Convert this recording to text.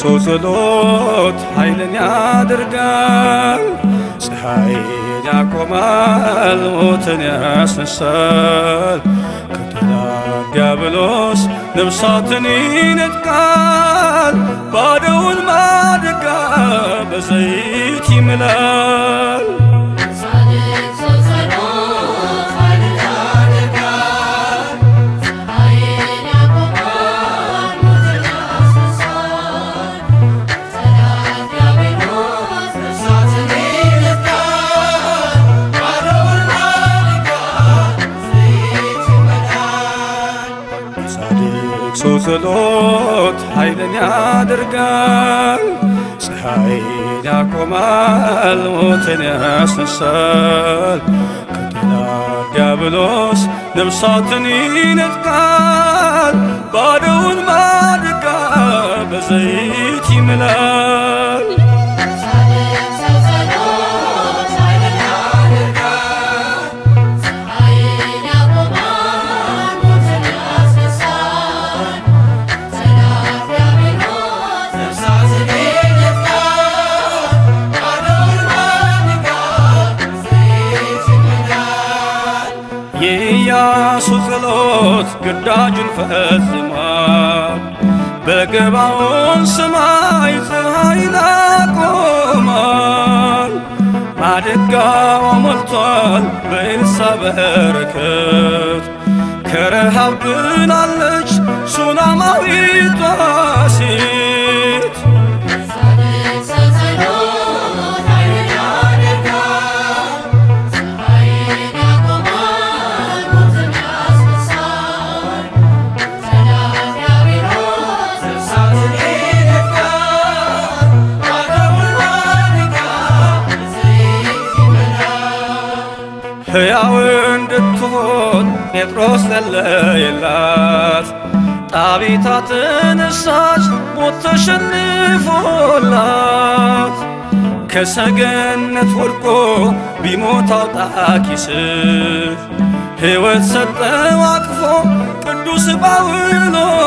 ሰው ጸሎት ኃይልን ያደርጋል፣ ፀሐይን ያቆማል፣ ሞትን ያስነሳል። ዲያብሎስ ነፍሳትን ይነጥቃል፣ ባደውን ማድጋ በዘይት ይምላል። የለቅሶ ጸሎት ኃይልን ያደርጋል፣ ፀሐይን ያቆማል፣ ሞትን ያስነሳል። ከጤና ዲያብሎስ ነፍሳትን ይነጥቃል፣ ባዶውን ማድጋ በዘይት ይምላል። የኢያሱ ጸሎት ግዳጁን ፈጽሟል። በገባዖን ሰማይ ፀሐይን አቆሟል። አደጋው ሞልቷል በኤልሳ በረከት ከረሃብ ድናለች ሱናማዊቷ ሕያው እንድትሆን ጴጥሮስ ጸለየላት። ጣቢታ ተነሳች፣ ሞት ተሸንፎላት። ከሰገነት ወድቆ ቢሞት አውጣ ሕይወት ሰጠው አቅፎ ቅዱስ ጳውሎስ